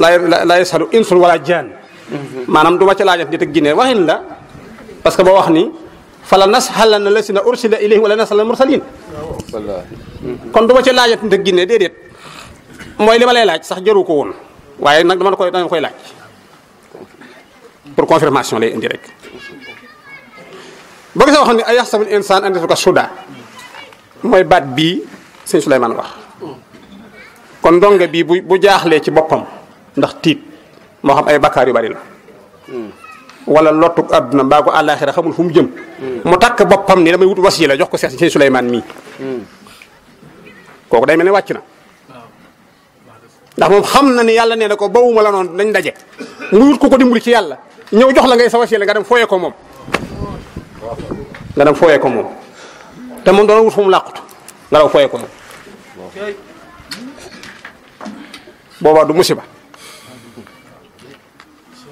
la yasalu insul wala jan manam duma ci lajat laajat nit ak jinne waxin la parce que halan wax ni fala nashalanna lasina ursila ilayhi wala nasal mursalin kon duma ci lajat laajat nit ak jinne déedéet mooy li lay laaj sax jaru ko won waye nak dama koy dama koy laaj pour confirmation lay indi rek bëgg sa wax ni ay yaxsabul insaan an yatruka suda moy bat bi sëñ souleyman wax kon ndonga bi bu jaxlé ci bopam ndax tiit moo xam ay bakkaar yu bari la wala lottuk aduna mbaa ko àllaaxira xamul fu mu jëm mu takk boppam ni damay wut wasiila jox ko seex si Suleymaan mii kooku day mel ne wàcc na ndax moom xam na ni yàlla nee na ko bawuma la noonu dañ daje mu wut ko ko dimbali ci yàlla ñëw jox la ngay sa wasiila nga dem fooyee ko moom nga dem fooyee ko moom te moom doona wut fu mu làqutu nga daw fooyee ko moom boobaa du musiba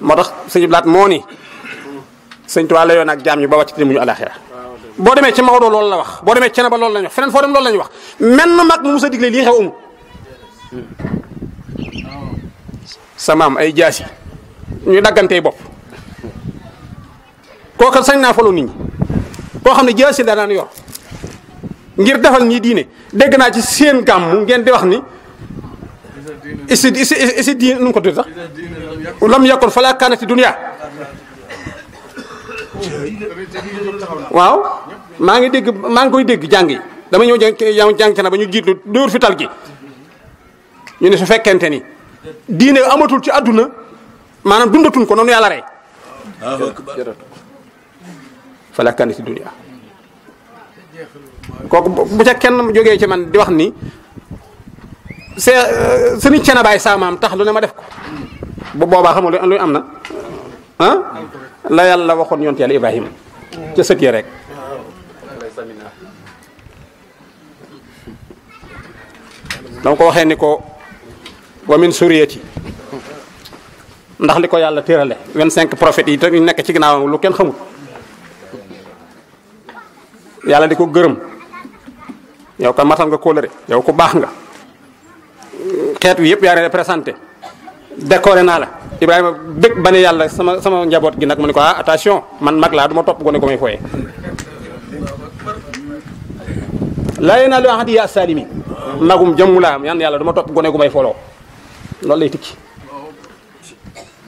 moo tax sëñ Blaat moo ni sëñ Tuubaa yoon ak jaam yi ba wàcc te mu ñu alaxira boo demee ci Maodo lool la wax boo demee Cene ba loolu la ñu wax feneen foo dem loolu la ñu wax menn mag mu mus digle lii xew amul sa ay jaasi ñu daggantey bopp kooka sañ naa folo nit ñi koo xam ne jaasi la daan yor ngir defal ñi diine dégg naa ci seen gàmm ngeen di wax ni isi isi isi diine nu mu ko tudd sax lam yakun falaa kaanati dunya waaw maa ngi dégg maa ngi koy dégg jàng yi dama ñëw jàng jàng ba ñu jiitlu dóor fital gi ñu ne su fekkente ni diine amatul ci àdduna maanaam dundatun ko noonu yàlla rey falaa kaanati ci dunya kooku bu ca kenn jógee ci man di wax nii c'est euh, sëriñ Ceenabaay saamaam tax lu ma def ko bu boobaa xam nga luy am na la yàlla waxoon yonent yàlla Ibrahima sëkk ya rek. dama ko waxee ni ko wa min suriyati ndax li ko yàlla térale 25 prophètes yi te nekk ci ginnaawam lu kenn xamul yàlla di ko gërëm yow ko matal nga kóolare yow ko baax nga xeet wi yëpp yaa représenté. décoré na la ibrahima bég bané yalla sama sama njabot gi nak mu ne ko ah, attention man mag la duma top topp gone ko may foyé laa yéen naa lu ahad yaa salimi magum jëmm laa am yan yàlla du ma topp gone ko may foloo lol lay tikki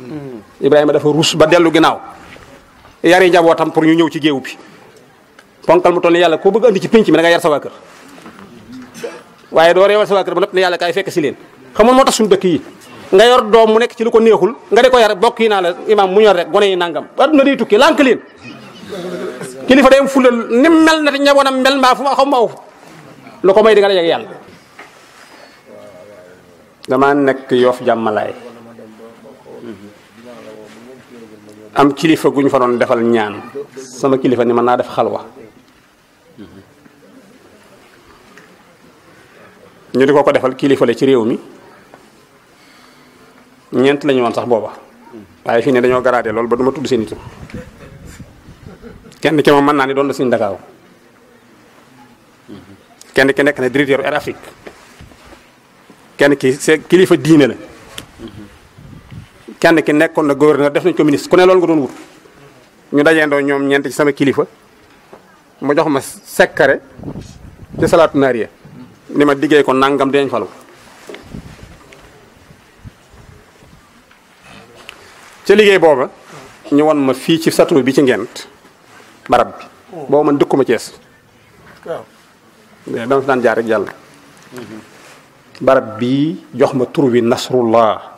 hmm. ibrahima dafa rouss ba delu ginaaw yari njabotam pour ñu ñëw ci géew bi ponkal mu toll yalla ko bëgg andi ci pinci mi da nga yar sa waye do rewal sa nopp ne yalla kay fekk ci leen xamul suñu dëkk yi nga yor doom mu nek ci lu ko neexul nga diko yar bokk yi naa la imam mu ñor rek gone yi nangam aduna di tukki lank leen kilifa day fulal ni mel na ñabonam mel ma fu xam maw lu ko may di nga yegg yalla dama nek yof jamalay am kilifa guñ fa don defal ñaan sama kilifa ni man na def xalwa ñu diko ko defal kilifa le ci rewmi ñeenti la ñu woon sax booba waaye fii ne dañoo garaade loolu ba du ma tudd seen i tur kenn ki moom mën naa ni doon la suñu Ndakaaru kenn ki nekk na directeur Air Afrique kenn ki c'est kilifa diine la kenn ki nekkoon na gouverneur def nañ ko ku ne loolu nga doon wut ñu dajeendoo ñoom ñeent ci sama kilifa mu jox ma sekkare ci salaatu naariya ni ma diggee ko nangam dinañ falu ca liggéey booba ñu won ma fii ci satro bi ci ngent barab bi oh. booba man dëkkuma Cees dama fi daan jaar rek jàll barab bii jox ma tur wi nasrullah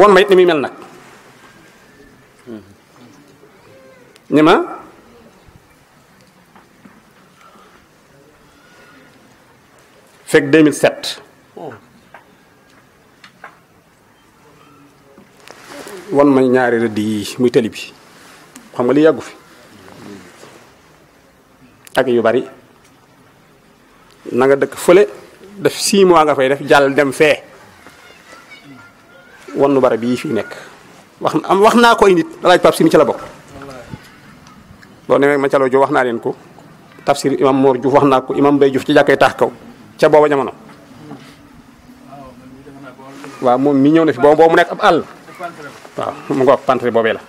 won ma it ni muy mel nag ni ma fekk 2007 wan ma ñaari rëdd yi muy tëli bi xam nga li yàggu fi ak yu bari na nga dëkk fële def 6 mois nga fay def jàll dem fee wan nu barab yi fii nekk wax am wax naa koy nit laaj Pape si ni ca la bokk boo ne ma caloo ju wax naa leen ko tafsir imam Mor Diouf wax naa ko imam Mbaye juuf ci jàkkee taax kaw ca booba jamono waa moom mi ñëw na fi boobu mu nekk ab àll. waaw mu ngoog pantre boobee la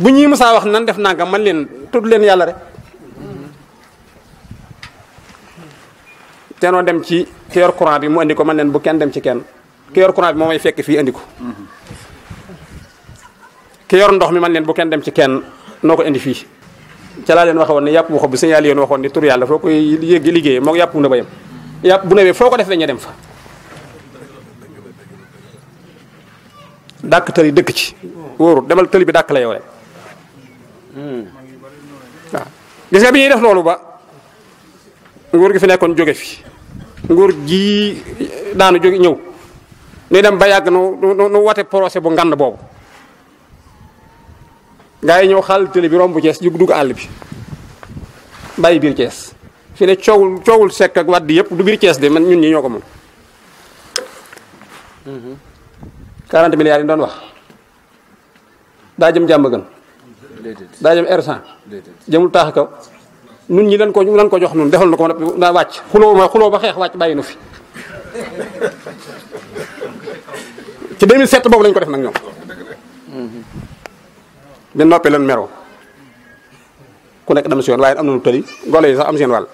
bu ñuy musaa wax nan def nanga man leen tudd leen yàlla rek teenoo dem ci ki yor courant bi mu andi ko man leen bu kenn dem ci kenn ki moo may fekk fii andi ndox mi man leen bu kenn dem ci kenn noo ko indi fii ca laa leen waxe woon ne yàpp bu xob bi signalé yoon waxoon ni tur yàlla foo koy yëg liggéeyee moom yàpp bu na ba yem yàpp bu nawee foo ko def dañuy dem fa Dak tali dekk ci wóorut demal tali bi dak la yow rek hmm gis nga bi def lolu ba nguur gi fi nekkon joge fi nguur gi daanu joge ñew ni dem ba yag no no waté procès bu ngand bobu gaay ñew xal xaal bi rombu ci jug dug all bi bay biir ci fi ne ciowul ciowul sekk ak wàdd yep du biir de man ñun ñi ñoko mo hmm 40 milliards yi doon wax daa jëm jàmm gën daa jëm R100 jëmul taax kaw nun ñi leen ko ñu leen jox nun defal na ko daa wàcc xuloo ma xuloo ba nu fi ci 2007 boobu lañ ko def nag ñoom bi noppi leen meroo ku nekk dem si yoon waaye am nañu tëli gole yi sax am seen wàll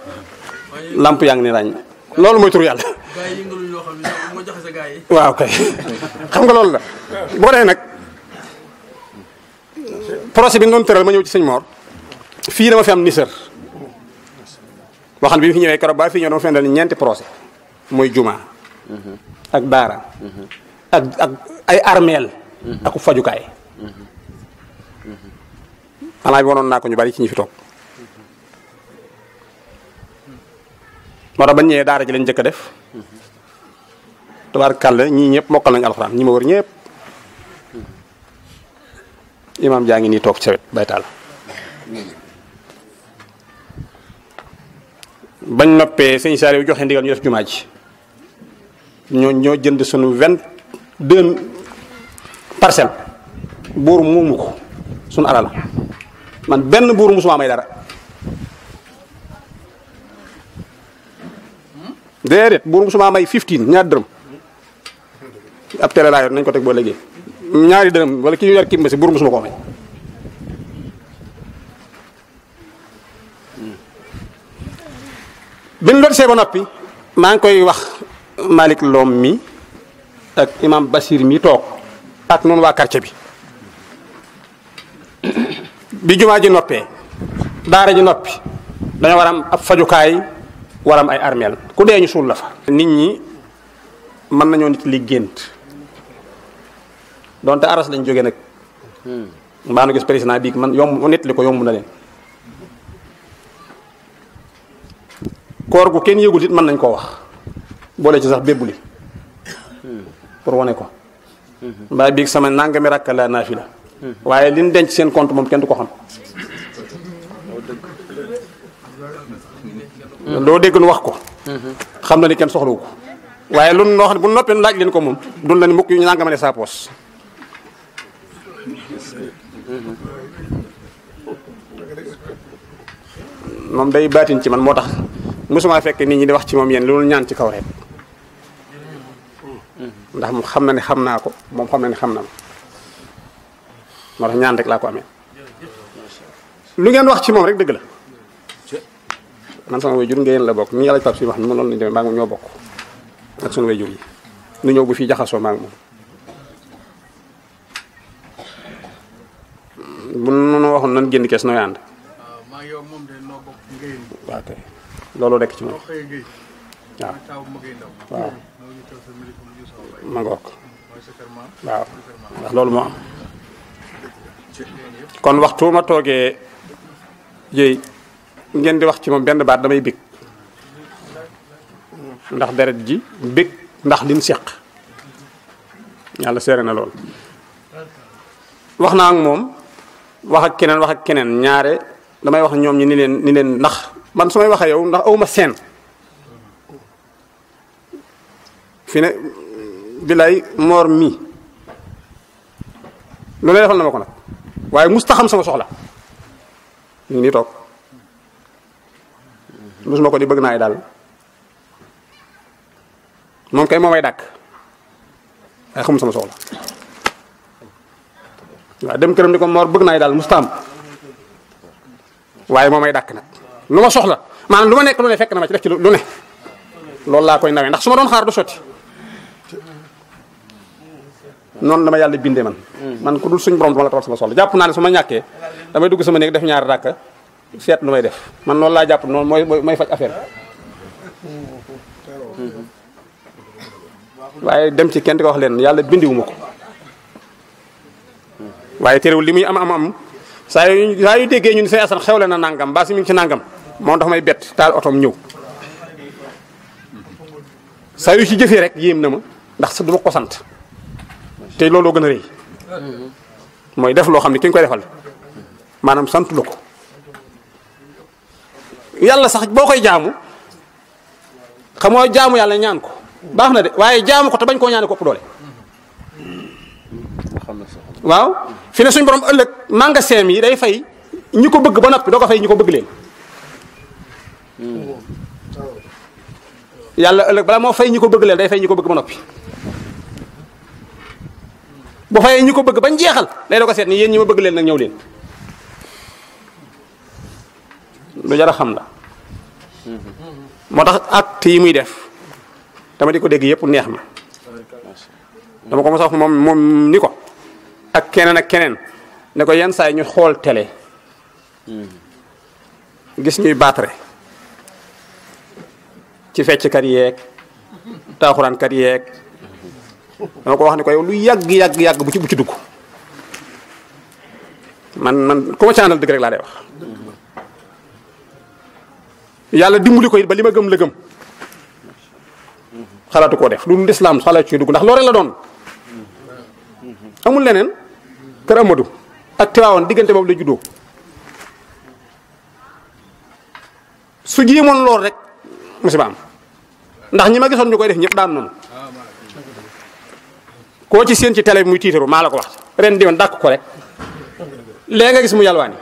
lamp yaa ni ràññ loolu mooy tur waaw kay xam nga loolu la boo dee nag projet bi ñu doon tëral ma ñëw ci sëñ Mor fii dama fi am nisër waxan bi fi ñëwee keroog ba fii ñëw dama fi andal ñeenti projet mooy jumaa ak daara ak ak ay armeel ak fajukaay xanaa bi wanoon naa ko ñu bari ci ñi fi toog moo ba ñëwee daara ji lañ njëkk a def tabarkalla ñi ñep mokal nañ alquran ñi ma wër ñep imam jaa ni tok toog baytal bañ noppé sëñ saari joxe ndigal ñu def juma ci ñoo ñoo jënd suñu 22 parcel bur buur muumu ko sunu alal man benn buur musuma may dara bur buur musuma may 15 ñaar dërëm ab télé laa nañ ko teg boo léegi ñaari dërëm wala ki ñu yor kii mbasi buur mosuma koo may biñ lot see ba noppi maa ngi koy wax Malick Lom mi ak imam Basir mi toog ak noonu waa quartier bi bi jumaa ji noppee daara ji noppi dañoo war ab fajukaay waram ay armeel ku dee ñu suul la fa nit ñi mën nañoo nit li gént donte aras lañ jóge nag mbaa nu gis président bii man yomb mu nettali ko yomb na leen koor gu kenn yëgul it mën nañ koo wax boole ci sax li pour wone ko mbaa biig sama nangami rakk laa naafi la waaye liñ denc seen compte moom kenn du ko xam loo dégg nu wax ko xam na ni kenn soxlawu ko waaye lu noo xam bu noppee laaj leen ko moom dun la ni mukk yu ñu nangama ne saa poos moom day baatin ci man moo tax mosuma fekk nit ñi di wax ci moom yéen loolu ñaan ci kaw rek ndax mu xam na ne xam naa ko moom xam na ne xam na ma moo tax ñaan rek laa ko amee lu ngeen wax ci moom rek dëgg la man sama way jur ngeen la bokk ni El Hadj si wax ni ma noonu lañu demee maa ngi ñoo bokk ak sunu way jur yi nu ñëw bu fi jaxasoo maa ngi moom bu nu waxoon nan génn kees nooy ànd ah, waaw kay loolu rek ci moom waaw waaw ma ngoog waaw ndax loolu moo am kon waxtu ma toogee yéy ngeen di wax ci moom benn baat damay bég ndax deret ji bég ndax lim seq yàlla seere na lool wax naa ak wax ak keneen wax ak keneen ñaare damay wax ñoom ñi ni leen ni leen ndax man su may waxee yow ndax awma seen fi ne billaay moor mi lu ne defal na ma ko nag waaye musta xam sama soxla ñu ngi toog musuma ko di bëgg naay daal moom kay moomay dàkk waaye xamul sama soxla waaw dem këram ni ko moor bëgg naa daal mustaam waaye ay dàkk nag lu ma soxla maanaam lu ma nekk lu ne fekk na ma ci def ci lu ne loolu laa koy nawee ndax su ma doon xaar du sotti yàlla bindee man hmm. man ko dul suñ borom dama la jàpp naa ne su ma ñàkkee damay dugg sama néeg def ñaari ràkk seet lu may def man noonu laa jàpp noonu mooy mooy faj affaire hmm. waaye dem ci kenn di ko wax leen yàlla bindiwuma ko waaye terewul li muy am am am saa yu saa yu déggee ñun sëñ Assane xewle na nangam mbaa si mi ngi si nangam moom dafa may bett taal otoom ñëw. saa yu ci jëfee rek yéem na ma ndax sa du ma ko sant te looloo gën a rëy mooy def loo xam ne ki nga koy defal maanaam sant lu ko. yàlla sax boo koy jaamu xam nga jaamu yàlla ñaan ko baax na de waaye jaamu ko te bañ koo ñaan ko ëpp doole waaw. fi ne suñ borom ëllëg magasin yi day fay ñi ko bëgg ba noppi doo ko fay ñi ko bëgg leen hmm. yàlla ëllëg bala moo fay ñi ko bëgg leen day fay ñi ko bëgg ba noppi bu fayee ñi ko bëgg day ko seet ni yéen ñi ma bëgg leen nag ñëw leen lu jara xam la hmm. motax acte yi muy def dama diko deg yep neex ma dama ko ak keneen ak keneen ne ko yenn saa yi ñu xool tele gis ñuy baatre ci fecckat yeeg taaxuraankat yeeg dama ko wax ne ko yow lu yàgg yàgg yàgg bu ci dugg man man ku ma ci dëgg rek laa lay wax. yàlla dimbali ko ba li ma gëm la gëm xalaatu koo def lu dul islaam xalaatu ci dugg ndax loo rek la doon amul leneen. kër Amadou ak Tiwaawan digënté bobu la juddo su jéemoon lool rek musiba am ndax ñima gisoon ñukoy def ñëpp daan non ko ci seen ci télé muy tiitaru maa la ko wax ren diwoon dàq ko rek léegi nga gis mu yalwani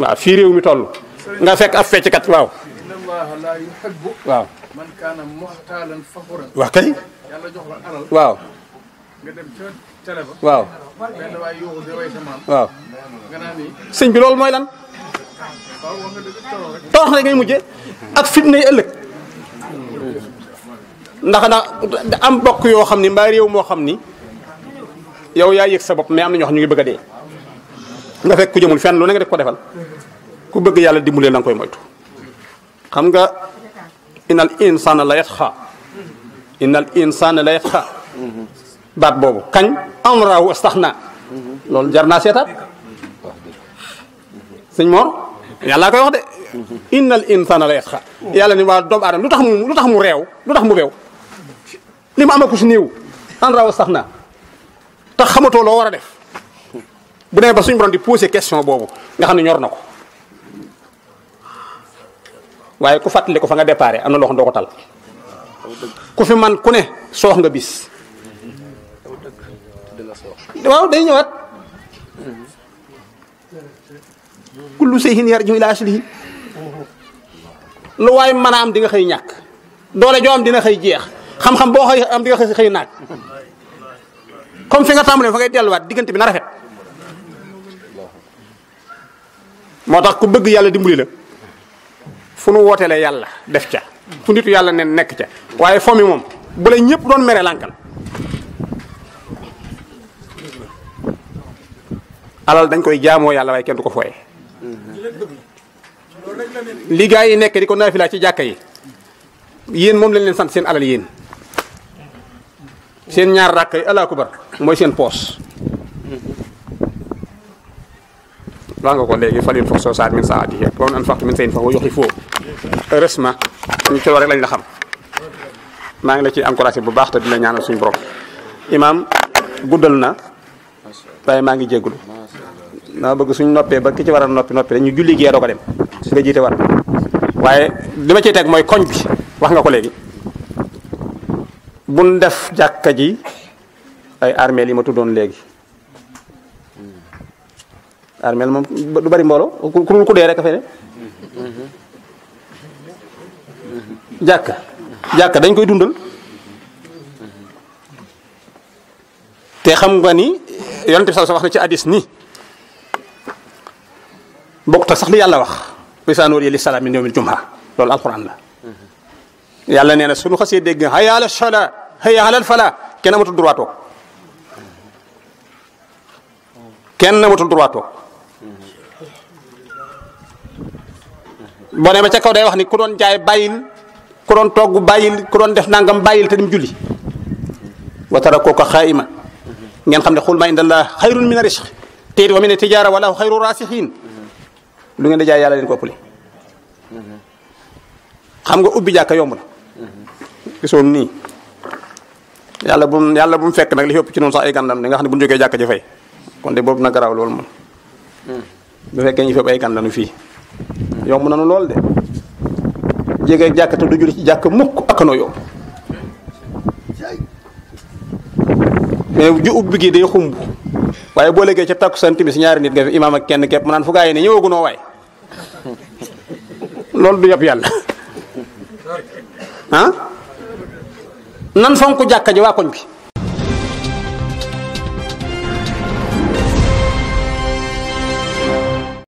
ma fi rew mi tollu nga fekk ab fecc kat waaw waaw waaw kay waaw. waaw. waaw. sëñ bi loolu mooy lan. torox rek ngay mujjee ak fitna yi ëllëg. ndax ndax am bokk yoo xam ni mbaa réew moo xam ni yow yaa yëg sa bopp mais am na ñoo xam ñu ngi bëgg a dee. nga fekk ku jëmul fenn lu ne nga def ko defal ku bëgg yàlla dimbulee na nga koy moytu. xam nga inal insana la yatxa ان الانسان لا يخطا بات بوبو كان امره استخنا لول جارنا سيتات سيغ مور يالا كاي واخ ان الانسان لا يخطا يالا ني با دوب ادم لوتاخ مو لوتاخ مو ريو لوتاخ مو ريو لي ما اماكو سنيو ان راه استخنا تا خماتو لو ورا ديف بو ني با سيغ بروم بوسي كيسيون بوبو nga xamni ñor nako waye ku fatale ko fa nga déparé amna lo xon doko tal ku fi man ku ne soox nga bis waaw day ñëwaat kullu sayhin yarju ila aslihi lu way mën am di nga xey ñak doole joom am dina xey jeex xam-xam bo xey am di nga xey xëy naag comme fi nga tàmbalee fa ngay wat diggante bi na rafet motax ku bëgg yalla dimbali la fu nu wootele yalla def ca fu yàlla ne nekk ca waaye fo mi moom bu la ñëpp doon mere lànkal alal dañ koy jaamoo yàlla waaye kenn du ko fooye li gaa yi nekk di ko naafila ci jàkka yi yéen moom lañ leen sant seen alal yéen seen ñaar ràkk yi alaakubar mooy seen poos wax nga ko léegi falil foog soo saat min saa ati foo heureusement ñu ci loolu rek xam maa ngi la ciy encouragé bu baax te di la ñaanal suñu borom imaam guddal na waaye maa ngi jéggulu dama bëgg suñu noppee ba ki ci war a noppi noppi dañu julli gee doo ko dem nga jiite war waaye li ma ciy teg mooy koñ bi wax nga ko léegi buñ def jàkka ji ay armée yi ma tuddoon léegi armeel moom du bari mbooloo ku ku dee rek a fay dem jàkka jàkka dañ koy dundal te xam nga ni yonent bi ci hadis ni bokkut sax li yàlla wax wisaanoor yi salaam min yawmil jumha loolu alquran la yàlla nee na suñu xasee dégg hayya ala kenn amatul droit toog kenn amatul droit bo demee ca kaw day wax ni ku doon jaay bayil ku doon togg bayil ku doon def nangam bayil te dem julli wa tarakuka khaima ngeen xam ne xul ma indallah khairun min arisq te wa min tijara wala khairu rasikhin lu ngeen jaay yalla len ko pulé xam nga ubbi jaaka yomb na gisoon ni yalla bu yalla bu fekk nak li yëpp ci non sax ay gandam di nga xam ne bu ñu jógee jàkka ja fay kon de boobu na graw loolu hmm. bu fekkee ñu fi ay gàndanu fi yomb nanu lool de jege jàkk te du julli jàkk mukk ak noo yomb mais ju ubbi gi xumb waaye boo léegee ca takkusaan timis ñaari nit nga fi imaam ak kenn képp mu naan fu gaa yi ne ñëwagunoo waay loolu du yab yàlla ah nan fonk jàkk ji waa koñ bi.